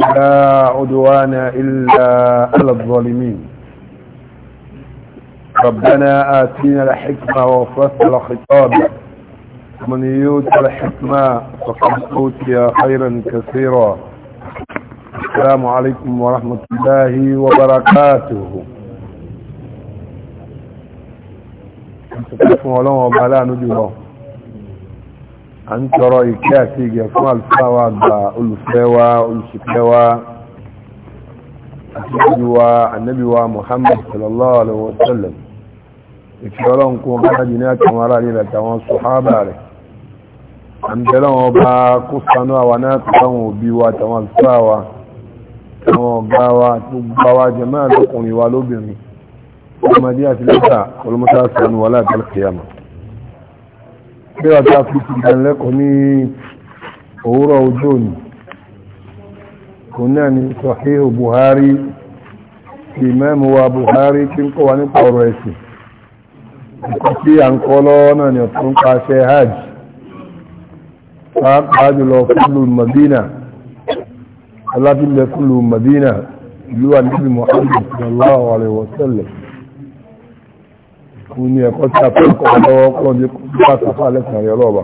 لا عدوان إلا على الظالمين ربنا آتينا الحكمة وفصل الخطاب من يوت الحكمة فقد أوتي خيرا كثيرا السلام عليكم ورحمة الله وبركاته أنت تفهم ولو وبلا نجوه a ń tọrọ ìkẹ́ àti ìgẹ̀ fún àlùfáàwà àgbà olùfẹ́wà olùsìkẹ́wà àti ìjúwà annabiwa muhammad sallallahu alaihi wasallam ìfẹ́ ọlọ́run kún ọba jù ní àtàwọn ará rẹ̀ àtàwọn sọ̀hábà rẹ̀ à ń bẹ̀rẹ̀ wọn bá kó sanú àwa náà tàwọn òbí wa àtàwọn àlùfáàwà àwọn ọ̀gá wa gbogbo wa jẹ́ máa lọ́kùnrin wa lóbìnrin ọmọdé àti lẹ́tà olùmọ́sá sanu wà láti kíra tí a fi ti ìdánilẹ́kọ̀ọ́ ní òwúrọ̀ ojú òní kò náà ni Sahihu Buhari ti mẹ́mú wa Buhari tí ń kọ́ wa nípa ọ̀rọ̀ ẹ̀sìn ìkọ́ sí à ń kọ́ náà ni ọ̀tún pa hajj pàápàá jùlọ fúlù Madina alábílẹ̀ fúlù Madina ìlú àdébì Muhammad ní ẹ̀kọ́ tí a fẹ́ kọ́ lọ́wọ́ kọ́ ní bá sàfà lẹ́sàn rẹ̀ lọ́ba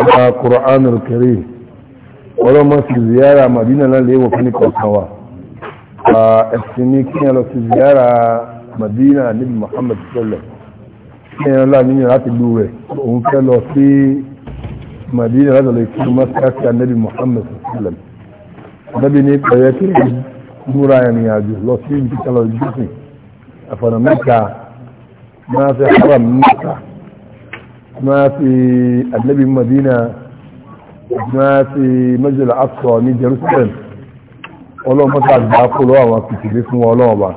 ọba Qur'anul Karim ọlọ́mọ sí ziyara Madina náà léwọ̀ fún ìkọ̀ọ̀kan wa ẹ̀sìn ní kí ni lọ sí ziyara Madina níbi Muhammad sọlẹ̀ kí ni lọ́la níyàn láti lú rẹ̀ òun fẹ́ lọ sí Madina láti lọ kí mọ́sáàkì anábì Muhammad sọlẹ̀ anábì ní pẹ̀yẹ kí ni ẹ̀rìn àjò lọ sí ibi tí a lọ jùsìn ma fi haram maka ma fi annabi madina ma fi majal aqsa ní jerusalem ọlọ́run mọ́ta àgbà kó lọ́wọ́ àwọn kìtìlé fún ọlọ́run ba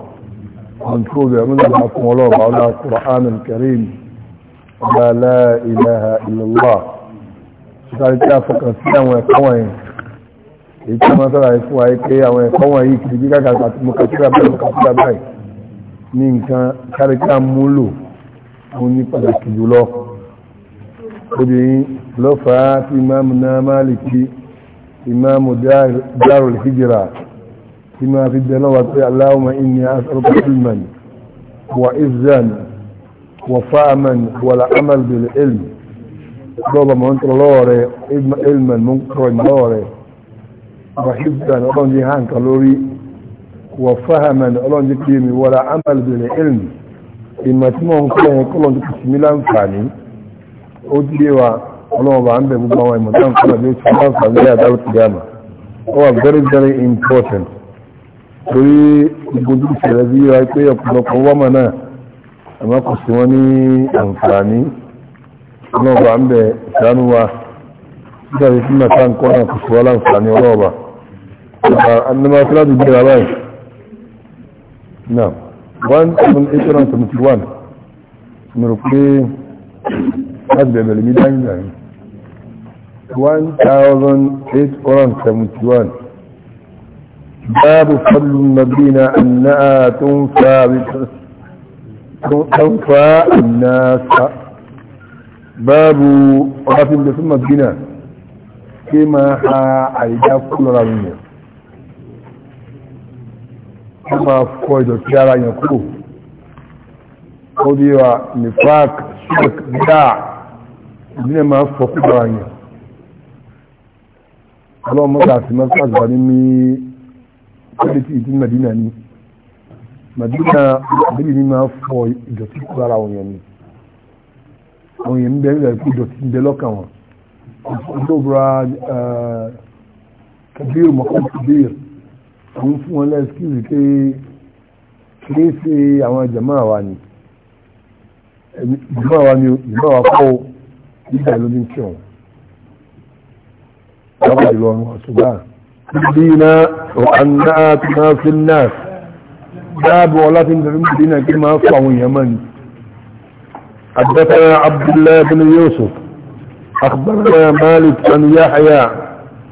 àwọn tó bẹ̀rẹ̀ mọ́ta àgbà fún ọlọ́run ba ọlọ́run qur'an al-karim ọba la ilaha illallah sáré tí a fọkàn sí àwọn ẹ̀kọ́ wọ̀nyí èyí tí wọ́n sára fún wa pé àwọn ẹ̀kọ́ wọ̀nyí kìtìlé kàkàtà mọ̀kàtìlá báyìí ní nǹkan káríká múlò òun ní pàtàkì jùlọ obìnrin lọ́fàá tí imáàmù náà Málìkì imáàmù Darul Hijra tí máa fi bẹ̀ lọ́wọ́ pé Allahumma inni as'aluka ilman wa izzan wa fahman wa al-amal bil ilm lọ́ba mọ̀ ń tọrọ lọ́wọ́ rẹ̀ ilman mọ̀ ń tọrọ lọ́wọ́ rẹ̀ wa hifzan ọlọ́run jí hàn kan lórí وفهما ألون ذكريم ولا عمل بالعلم إما تمهم كلهم كلهم ذكريم لا أنفعني أدليوا ألون بعمل بمبوا إمتان كلا بيوت الله فعليها دعوة قيامة هو very very important torí gbogbo ìṣẹ̀lẹ̀ bí i pé ọ̀pọ̀lọpọ̀ wọ́mà náà àmá kò sí wọ́n ní àǹfààní ọlọ́ọ̀bà ń bẹ̀ ìṣánú wa nígbàtí tí màtá ń kọ́ náà kò sí wọ́n láǹfààní ọlọ́ọ̀bà annama sílá ti gbéra báyìí نعم وان من اتران ايتران تمتوان مرقي أبدا بالميدان يعني 1871 باب فضل المدينة أنها تنفى تنفى الناس باب راتب المدينة كما حا عيدا كل رامية wọ́n máa fọ ìdọ̀tí ara yẹn kúrò ó bí wa nifak shirk dáa ìdílé máa fọ kúrò ara yẹn ọlọ́run mọ́ta àti mọ́ta àgbà ní mí kọ́lẹ́tì ìdí Madina ni Madina àbílì ni máa fọ ìdọ̀tí kúrò ara wọn yẹn ni àwọn yẹn ń bẹ nígbà pé ìdọ̀tí ń bẹ lọ́kàn wọn ọdún òbúra kabiru mọ̀kọ́ kabiru àwọn fún wọn lẹ́skìrì pé kìí ṣe àwọn jàmáà wa ni jàmáà wa ni jàmáà wa kọ́ nígbà ló ní kí ọ̀hún lọ́wọ́ ìlú ọ̀ṣùgbà bí iná ọ̀hánà tó máa fi náà dáàbò ọlá tí ń tẹ̀lé mú dínà kí máa fún àwọn èèyàn mọ́ni حدثنا عبد الله بن يوسف أخبرنا مالك عن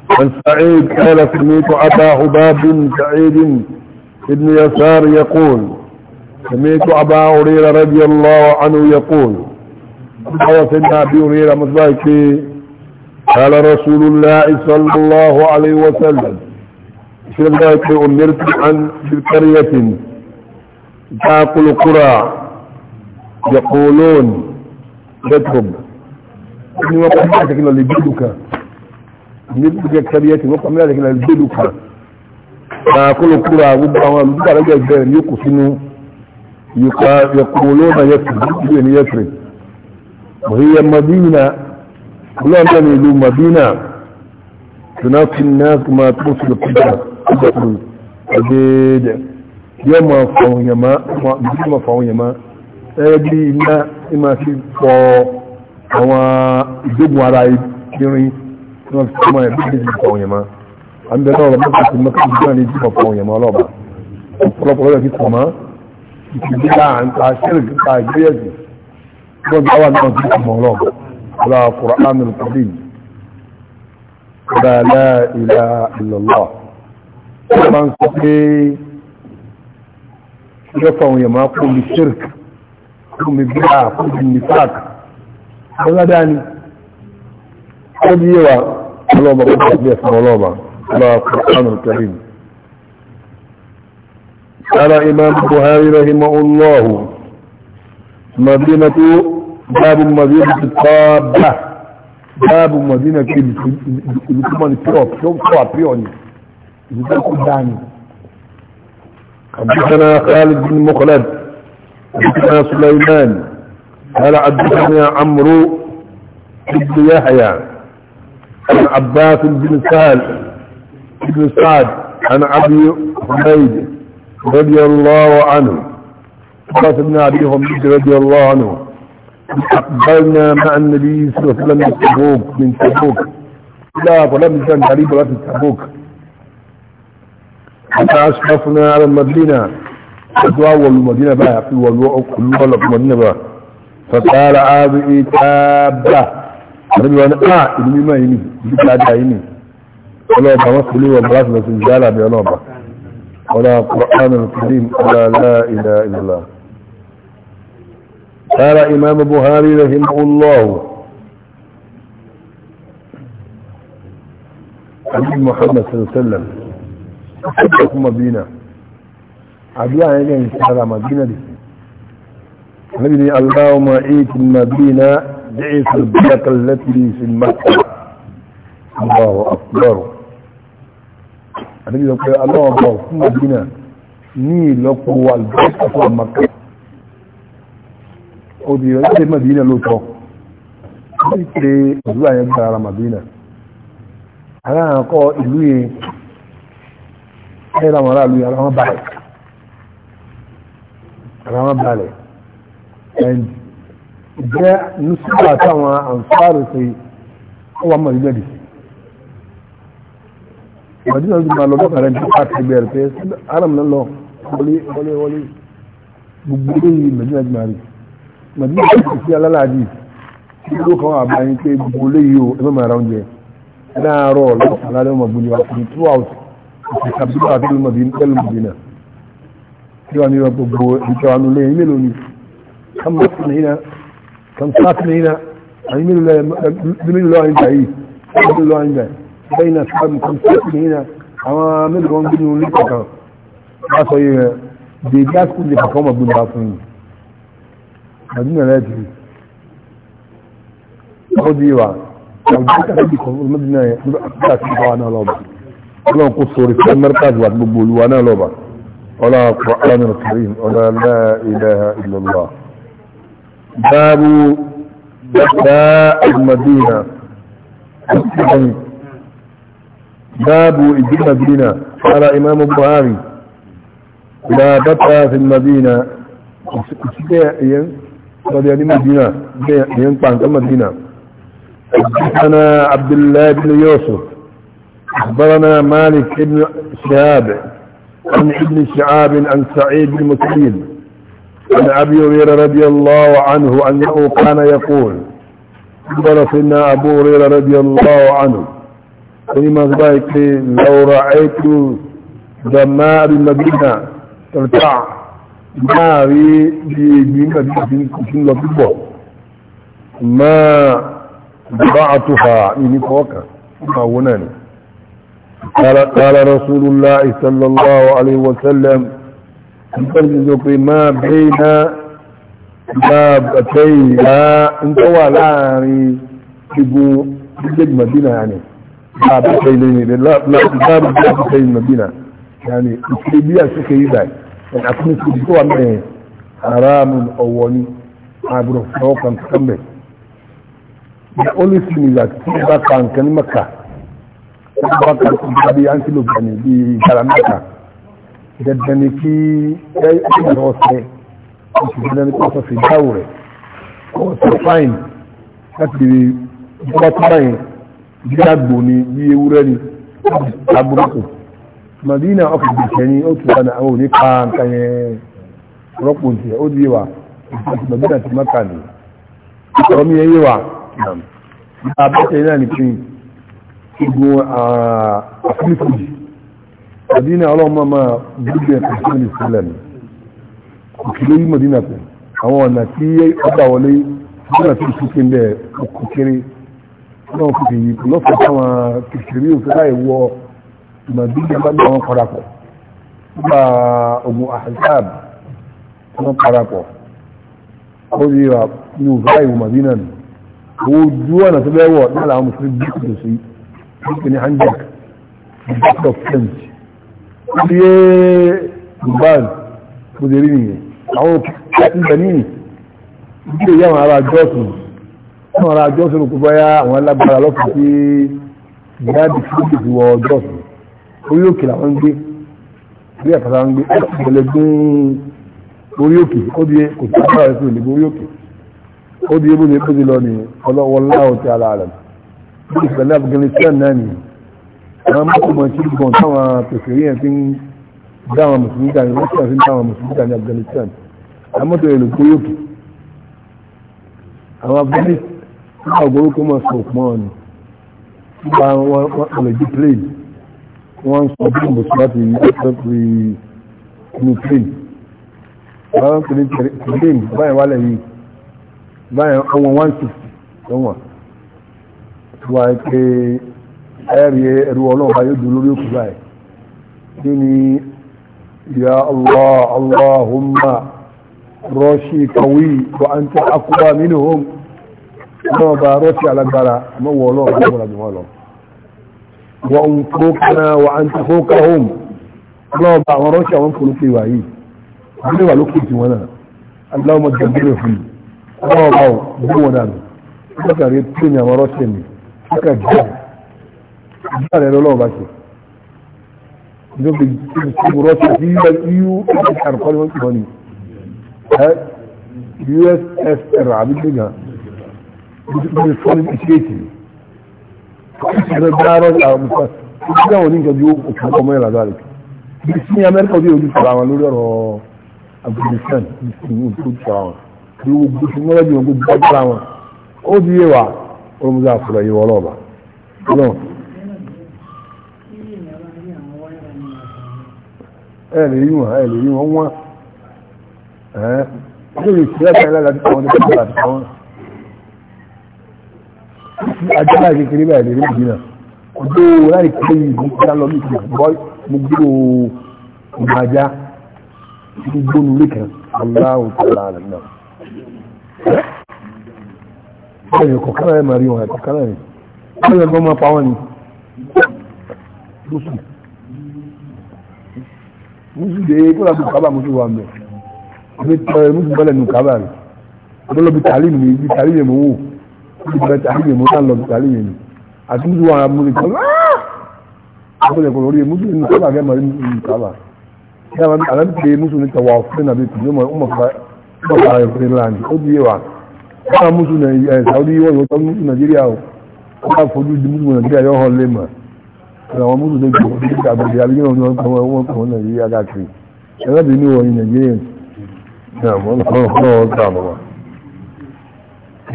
عن سعيد قال سميت أبا عباب بن سعيد بن يسار يقول سميت أبا هريرة رضي الله عنه يقول قال سيدنا أبي هريرة مزايكي قال رسول الله صلى الله عليه وسلم سيدنا أبي أمرت عن قرية تأكل قرى يقولون جدهم إني وقفتك لبيدك nígbà kẹrìyẹ tí wọ́n pàmílà lẹ́gbẹ̀ẹ́ lẹ́gbẹ̀ẹ́ lù kan máa kó ló kúrò àwọn gbogbo àwọn olùdókòwò àlọ́jọ́ ẹgbẹ́ rẹ̀ ní kò sínú yẹkùn olóòmà yẹsùn ìlú ẹni yẹsùn òhìyẹ madina olóòmà ní ìlú madina tùnà fún náà kò máa tó sùn kúrò kúrò kúrò àdéédé yóò máa fọwọ́n yẹmá yóò máa fọwọ́n yẹmá ẹ̀yẹ iná ìmáa fi fọ àwọn ìdógun ara irin ní wọ́n fi kọ́ mọ́ ẹ̀ bí bí bí kọ́ òyìnbá à ń bẹ náà lọ mọ́tò tí mọ́tò tí wọ́n ní bí kọ́ òyìnbá ọlọ́ba ọ̀pọ̀lọpọ̀ lọ́dọ̀ kí kọ̀ mọ́ ìtìjú láàǹtà ṣẹ́lẹ̀ kíkà ìgbéyẹ̀sì wọ́n bí wà náà kí kọ̀ mọ́ Qur'an al-Karim ọ̀dà la ilaha illallah wọ́n máa ń sọ pé ìjọba òyìnbá kò ní ṣírk kò ní bíra kò ní nífàk ni ó bí اللهم ربك لي اسم ولوما على القرآن الكريم قال إمام البخاري رحمه الله مدينة باب مدينة الطابة باب مدينة الكمان التراب شو يعني يقول داني حدثنا خالد بن مخلد حدثنا سليمان قال حدثنا عمرو بن يحيى عن عباس بن سهل بن سعد عن ابي حميد رضي الله عنه عباس بن ابي حميد رضي الله عنه أقبلنا مع النبي صلى الله عليه وسلم من تبوك من تبوك لا فلم يكن قريب رأس تبوك حتى أشرفنا على المدينة أول المدينة بقى في كلها كل المدينة بقى فقال هذه تابة àdébí wọn ni a ìlú mímọ́ yìí ni ìlú dáadáa yìí ni ọlọ́ọ̀bà wọn kò lè wọ bọ́lá sílẹ̀ sí ìjálà bí ọlọ́ọ̀bà ọlá kọ́ránù kìlín ọlá ilá ìlà sára imam buhari rahimahullahu ali muhammad sallallahu alaihi kuma bina abiya yanayin sára madina da su nabi ne allahumma ikin madina بئس البركة التي في المسجد الله أكبر النبي يقول الله أكبر ثم بنا ní ìlọ́pọ̀ albarka fún àmàkà obìnrin láti madina lóòtọ́ wọ́n pè ìdúrà yẹn gba ara madina ara àkọ́ ìlú yẹn ẹ̀rọ àwọn aráàlú ara wọn balẹ̀ ara wọn balẹ̀ and jẹ́ nùsùlùmí àtàwọn àǹfààrò ṣe ọwọ́ àmọ́ ìlú ẹ̀dì ìbàdí náà ti máa lọ lọ́kàn rẹ̀ nípa àtẹgbẹ́ rẹ̀ pé aram náà lọ wọlé wọlé wọlé gbogbo eléyìí ìbàdí náà ti máa rí ìbàdí náà ti fi alálàájì tí ó kàn wà báyìí pé gbogbo eléyìí o ẹgbẹ́ máa ra oúnjẹ láàárọ̀ lọ́kàn ọmọ gbòòlì wa fún two out àti àbúrò àti lọ́mọdé pẹ̀lú mọ̀dínà tí wọ́n ní gbogbo ìjọ ànulẹ̀ yìí mélòó ni كم ساكن هنا يعني من الله عند عيد من الله عند بين أصحاب كم ساكن هنا عوامل قوم بنوا لك بس ديجاس كل فقوم ابن باطنين مدينة لا تجي خذ يوا لو جيت أخذك المدينة أخذك وانا لوبا ولا قصور في المركز واتبقوا وانا لوبا ولا قرآن الكريم ولا لا إله إلا الله باب دفاء المدينة باب إجي المدينة قال إمام البخاري لا بطا في المدينة رضي المدينة ينطع المدينة حدثنا عبد الله بن يوسف أخبرنا مالك بن شهاب عن ابن شعاب عن سعيد بن مسلم عن أبي هريرة رضي الله عنه أنه كان يقول أخبر سيدنا أبو هريرة رضي الله عنه كلمة ذلك لو رأيت دمار المدينة ترتع ناري بإجمين مدينة لطبه ما ضعتها من فوقها ما وناني قال, قال رسول الله صلى الله عليه وسلم ìpẹ́lẹ̀ tó pé máa bẹ́ iná bá bàtẹ́ ìyá ń tó wà láàrin igun gbígbèdì mọ̀dínà ni bá bàtẹ́ ilé ni bá bàtẹ́ ilé mọ̀dínà yani ìpínlẹ̀ bí àṣíkè yìí báyìí ẹ̀nà fún ìpínlẹ̀ tó wà mẹ́rin haramun ọwọ́ ni àbúrò fún ọkàn kan bẹ̀ the only thing bí antelope ni bí dandan ni kí ẹgbẹ́ ọ̀sẹ̀ oṣù dandan ni kí ọ̀sẹ̀ fi dáwò rẹ̀ ọ̀sẹ̀ fáìn láti lè bọ́bá tó báyìí bí àgbò ni bí ewúrẹ́ ni agbóhùn Madina ọkọ̀ ìgbésẹ̀ ni ó tún wà ní àwọn òní pa nǹkan yẹn rọ́pò jẹ́ ó di wà ìgbésẹ̀ Madina ti mọ́kà ni ìṣòro mi yẹn yé wa nípa abẹ́sẹ̀ náà ni pé gbogbo ah, àfúnifòjì madina ọlọ́mọ máa gbígbẹ̀ pẹ̀sìn ìsìnlẹ̀ ni òkèlè yí madina pẹ̀ àwọn ọ̀nà tí ọba wọlé nígbà tí ìsìnkú ń bẹ̀ ọkọ̀ kéré náà fi fi lọ́fọ̀ táwọn kìkìrí òfin láì wọ madina bá ní àwọn parapọ̀ nígbà ogun ahzab tí wọ́n parapọ̀ ó di wa ní òfin láì wọ madina ni owó ojú ọ̀nà tó bẹ́ wọ̀ náà làwọn mùsùlùmí bí kò sí bí kò ní hanjak bí kò sí ilé dubai gbòdèrí nìyẹn àwọn òkè ìbẹ̀ní ilé ìyá àwọn ará jọ́sùn àwọn ará jọ́sùn kò báyá àwọn alágbára lọ́pàá sí ìyáàdì fúlùkì ti wọ jọ́sùn orí òkè làwọn ń gbé orí àpàtà ń gbé ìbẹ̀lẹ̀ gún orí òkè àwọn mọ́kànmọ́ tí gbọ̀n táwọn pèsèrè yẹn fi ń dáwọn mùsùlùmí dání russia fi ń dáwọn mùsùlùmí dání afghanistan àmọ́tò èlò kó yókù àwọn afghanis nípa ògbóró kó mọ̀ sọ̀rọ̀ pọ̀ ọ̀nà nípa wọn lè jí plane wọ́n ń sọ bí mo sọ láti rí inú plane báwọn kò ní plane báyìí wà lẹ́yìn báyìí ọwọ́ 160 lọ́wọ́ tí wàá pé ẹ̀rí ẹ̀rù ọlọ́ọ̀bá yóò dùn lórí òkú báyìí kí ni ya allah allahumma rọ́ṣì kọ̀wé bọ́ à ń tẹ́ akúbá nínú hom náà bá rọ́ṣì alágbára àmọ́ wọ ọlọ́ọ̀bá yóò wọ́n lọ. wọ́n ń fọ́kànà wọ́n à ń tẹ́ fọ́kà hom ọlọ́ọ̀bá àwọn rọ́ṣì àwọn kòlókè wáyé àbúlé wà lókè tí wọ́n náà aláwọ̀mọ̀ jẹ́gbẹ̀rẹ̀ fún mi ọlọ́ọ̀bá ò gbówó náà lọ. wọ́n kàrí tí ní àwọn rọ́ṣì mi wọ́n kà jẹ́ àdúrà rẹ lọ́wọ́ bá ṣe ìjọba ìṣègùn russia sí eu usr kọ́ ni wọ́n ti wọ́n ni ussr àbí gbẹ̀gà ní fọ́nì ìṣèkì ìṣẹ̀lẹ̀ gbáàrọ̀ àwọn mùsùlùmí ìṣẹ̀lẹ̀ wọn ní nǹkan bí òkú ọmọ yẹn làdá rẹ̀ bí sí amẹ́ríkà ó dé ojú sọ̀rọ̀ àwọn lórí ọ̀rọ̀ afghanistan ní sí ìwọ̀n tó sọ̀rọ̀ àwọn kí wọ́n gbé sí wọ́n lọ́jọ́ wọn gbé gbọ́ ẹ lè rí wọn ẹ lè rí wọn wọn ẹ lè fi ẹgbẹ́ ẹlẹ́dàá tí àwọn ọdún tó bá wọn. ajára kékeré báyìí lè rí ìdí náà ojú láì pé ìlú ìdá lọ ní ìdílé bọ́ mo gbúrò ìgbàjá tí gbónú lẹ́kẹ̀ aláwọ̀ tó la àlẹ́ náà. báyìí ọkọ̀ kára ẹ̀ máa rí wọn ẹ̀kọ́ kára ẹ̀ wọ́n yẹ kó musude kóra bu kaba musu wa mẹ ebi tẹ musu bẹlẹ nu kaba rẹ ọdọ lọ bi tali mi bi tali mi wo bi bẹ tali mi mo náà lọ bi tali mi àti musu wa mu ni kaba ọdọ lẹ kọlọ rí musu nu kaba kẹ mari musu nu kaba kí a ma tẹ musu fún nàbí tìjú ma ọmọ fún àwọn múlù lè jọ ní àgbègbè abígbèrè ọdún ọgbọ̀n wọn kọ̀ wọn nàìjíríà káàkiri ẹlẹ́bí ní wọ̀nyí nàìjíríà ìyàmọ̀ ọ̀pọ̀lọpọ̀ ọ̀gbà àmọ́wà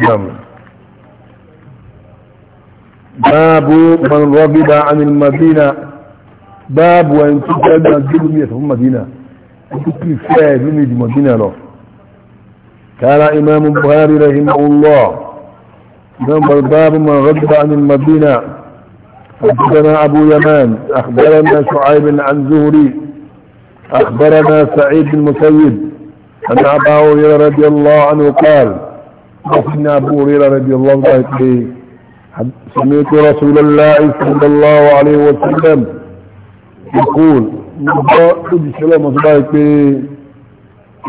ìyàmọ̀ báàbù man rọ́gbídà anil madina báàbù ẹni tó jẹ́ ẹgbẹ́ gbẹ́gbẹ́ mi ẹ̀sọ́ fún madina tó kì í fẹ́ nínú ìdí madina lọ kára imam buhari rahimahullah imam báàbù man rọ́gbídà anil madina حدثنا أبو يمان أخبرنا شعيب عن زهري أخبرنا سعيد بن المسيب أن أبا هريرة رضي الله عنه قال وفينا أبو هريرة رضي الله عنه سمعت رسول الله صلى الله عليه وسلم يقول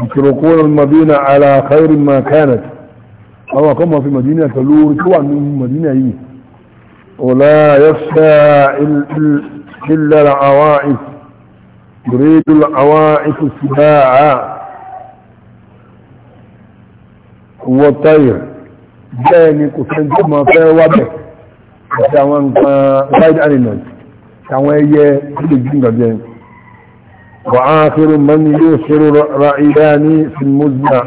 يتركون المدينة على خير ما كانت أو قام في مدينة تلور سواء من مدينة هي ولا يخشى إلا العوائف يريد العوائف سباعا وطير جاني كسنت ما في وبه كتاوان قايد أنينات كتاوان ايه جنجا جاني وآخر من يوصر رأياني في المزنع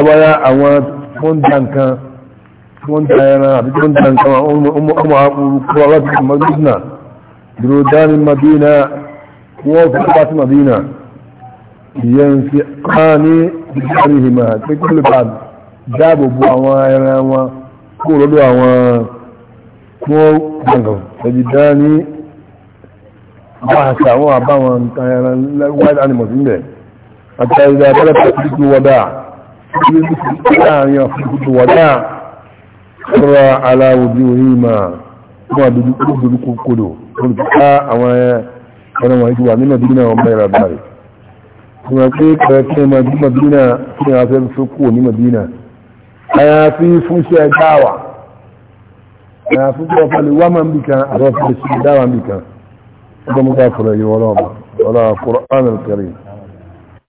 ويا أواد فندان كان wọ́n da ẹran àbí tó ń madina fi madina wọn kó lọ́dọ̀ àwọn tí wọ́n gbọ̀ngàn ẹ̀dì dání bá àṣà àwọn àbáwọn ẹran wild animals ń bẹ̀ àti ẹ̀dà abẹ́rẹ́ pẹ̀lú wọ́dà ilé kọ́ra aláwòdí onímọ̀ fún àdúgbò kodò olùkọ́ká àwọn ẹ̀rọ wọn ìjọba ní madina wọn bá ìrà báyìí kuma pé kẹrẹkẹ madina kí a fẹ́ fẹ́ kúrò ní madina àyàfi fún ṣe dáwà àyàfi fún ọ̀fẹ́lẹ̀ wà máa ń bì kan àrọ́fẹ́lẹ̀ sí dáwà ń bì kan ọgbọ́n